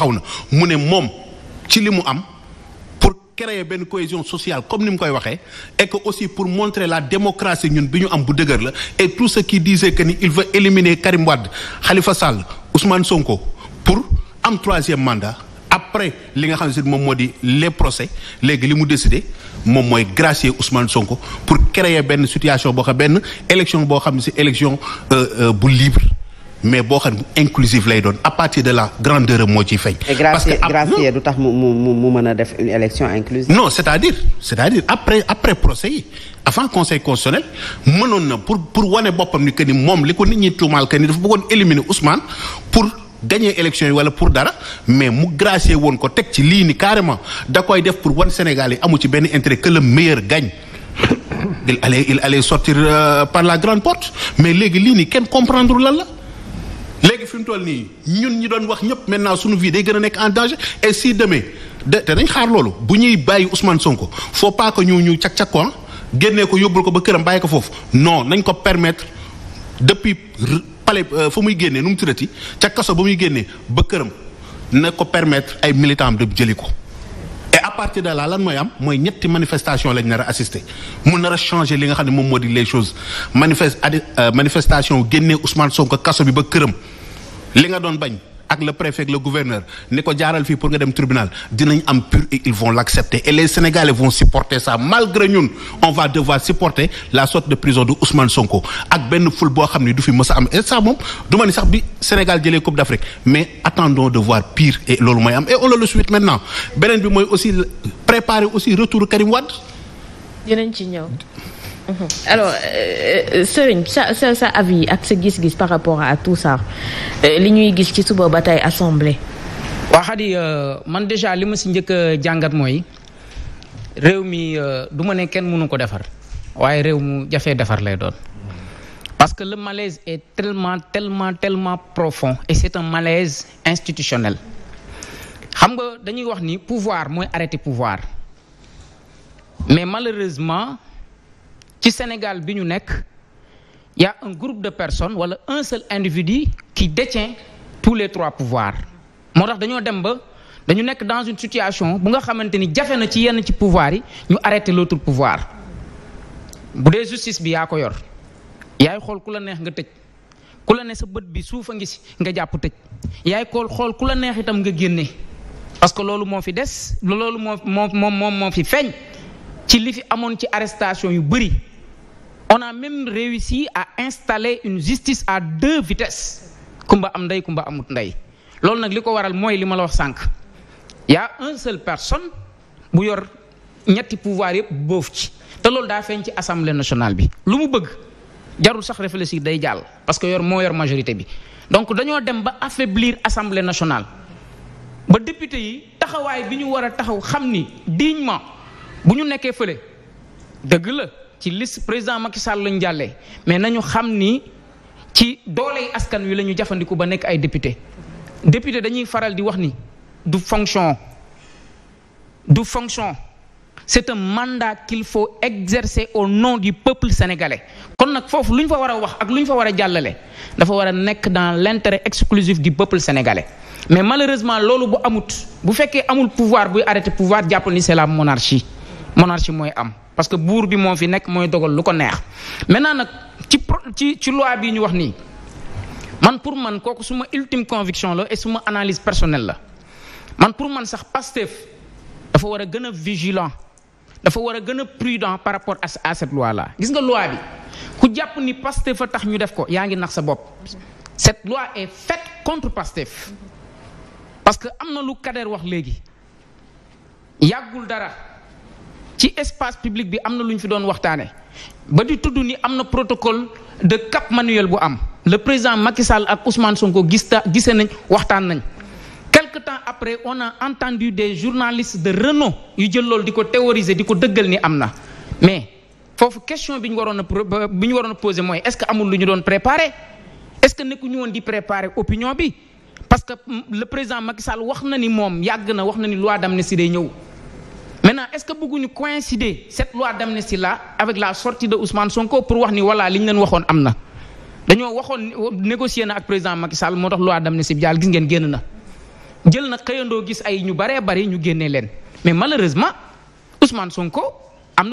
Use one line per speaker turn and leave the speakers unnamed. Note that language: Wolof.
xaw na mu ne moom ci li mu am pour créer benn cohésion sociale comme ni mu koy waxee et aussi pour montrer la démocratie ñun bi ñu am bu dëgër la et tout ce qui disait que ni il veut éliminer Karim Wade Khalifa Sall Ousmane Sonko pour am troisième mandat après li nga xam ne moom moo di les procès léegi li mu décidé moom mooy gracier Ousmane Sonko pour créer benn situation boo xam benn élection boo xam ne si élection euh, euh, bu libre. mais boo xam ne inclusive lay doon à partir de la grandeur moo ciy feeñ.
parce que gracier du tax mu mu mu mën a def une élection
non c'est-à-dire c'est-à-dire après après procès yi avant conseil constitutionnel mënoon na pour pour wane boppam ni que ni moom li ko nit ñi tuumaal que ni dafa bëggoon éliminer Ousmane pour. gagné élection yi wala pour dara mais mu gracier woon ko teg ci lii ni carrément da koy def pour wan Sénégal yi amu ci benn intérêt que le meilleur gagne il allait il allait sortir euh, par la grande porte mais léegi lii ni kenn comprendre lan la léegi fi mu toll nii ñun ñi doon wax ñëpp maintenant suñu vie day gën a nekk en danger et si demain de te dañ xaar loolu bu ñuy bàyyi Ousmane Sonko faut pas que ñu ñu cak cak ko génnee ko yóbbul ko ba këram bàyyi ko foofu non nañ ko permettre depuis palais euh, fu muy génnee nu mu tuddati ca kaso ba muy génnee ba këram na ko permetre ay militant am de jëli ko. et à partir de là lan mooy am mooy ñetti manifestation lañ nara a assister mu nar changer li nga xam ne moom moo di les choses manifest euh, manifestation génnee Ousmane Sonko kaso bi ba këram. li nga doon bañ ak le préfet ak le gouverneur ni ko jaaral fii pour nga dem tribunal dinañ am pur et ils vont l'accepter et les Sénégalais vont supporter ça malgré ñun on va devoir supporter la sorte de prison de Ousmane Sonko ak benn ful boo xam ne du fi mës a am et ça moom du ma ni sax bi Sénégal jëlee Coupe d'Afrique mais attendons de voir pire et loolu mooy am et on le souhaite maintenant beneen bi mooy aussi préparer aussi retour Karim Wade.
dinañ ci ñëw. Mm-hmm. alors euh, euh, Serigne sa sa sa avis ak sa gis-gis par rapport ak tout ça euh, li ñuy gis ci suba ba tey assemblée. waa xadi man déjà li ma si njëkk a jàngat mooy réew mi du ma ne kenn mënu ko defar waaye réew mu jafee defar lay doon. parce que la malaise est tellement tellement tellement profond et c'est un malaise institutionnel xam nga dañuy wax ni pouvoir mooy arrêter pouvoir mais malheureusement. ci Sénégal bi ñu nekk y un groupe de personnes wala un seul individu qui détient tous les trois pouvoirs moo tax dañoo dem ba dañu nekk dans une situation bu nga xamante ni jafe na ci yenn ci pouvoir yi ñu arrêter l'autre pouvoir bu dee justice bi yaa ko yor yaay xool ku la neex nga tëj ku la ne sa bët bi suuf a ngi si nga jàpp tëj yaay xool xool ku la neex itam nga génne parce que loolu moo fi des loolu moo moom moo fi feeñ ci li fi amoon ci arrestation yu bëri on a même réussi à installer une justice à deux vitesses kumba am ndey kumba amut ndey loolu nag li ko waral mooy li ma la wax sànq y a un seul personne bu yor ñetti pouvoir yëpp boof ci te loolu daa feeñ ci assemblée nationale bi lu mu bëgg jarul sax réfléchir day jàll parce que yor moo yor majorité bi donc dañoo dem ba affaiblir assemblée nationale ba député yi taxawaay bi ñu war a taxaw xam ni dignement bu ñu nekkee fële dëgg la ci list président Macky Sall lañ jàllee mais nañu xam ni ci dooley askan wi la ñu jafandiku ba nekk ay député député dañuy faral di wax ni du fonction du fonction c'est un mandat qu'il faut exercer au nom du peuple sénégalais kon nag foofu lu ñu fa war a wax ak lu ñu fa war a jàllale dafa war a nekk dans l'intérêt exclusif du peuple sénégalais mais malheureusement loolu bu amut bu fekkee amul pouvoir buy arrêter pouvoir jàppal ni c'est la monarchie monarchie mooy am parce que buur bi moo fi nekk mooy dogal lu ko neex maintenant nag ci pro ci ci loi bii ñu wax nii man pour man kooku suma ultime conviction la et suma analyse personnelle la man pour man sax Pastef dafa war a gën a vigilant dafa war a gën a prudent par rapport à cette loi là gis nga loi bi ku jàpp ni Pastef fa tax ñu def ko yaa ngi nax sa bopp cette loi est faite contre Pastef parce que am na lu Kader wax léegi yàggul dara. ci espace public bi am na lu ñu fi doon waxtaane ba di tudd ni am na protocole de Cap Manuel bu am le président Macky Sall ak Ousmane Sonko gis gisee nañ waxtaan nañ quelque temps après on a entendu des journalistes de renom yu jël loolu di ko théoriser di ko dëggal ni am na mais foofu question bi ñu waroon a bi ñu waroon a poser mooy est-ce que amul lu ñu doon préparer est-ce que nekku ñu woon di préparer opinion bi parce que mm, le président Macky Sall wax na ni moom yàgg na wax na ni loi d'amnistie day ñëw maintenant est-ce que bëgguñu coïncider cette loi d'amnistie là avec la sortie de Ousmane Sonko pour wax ni voilà li ñu leen waxoon am na dañoo waxoon négocier na ak président Macky Sall moo tax loi d'amnistie bi daal gis ngeen génn na jël na xëyandoo gis ay ñu baree bari ñu génnee leen mais malheureusement Ousmane Sonko.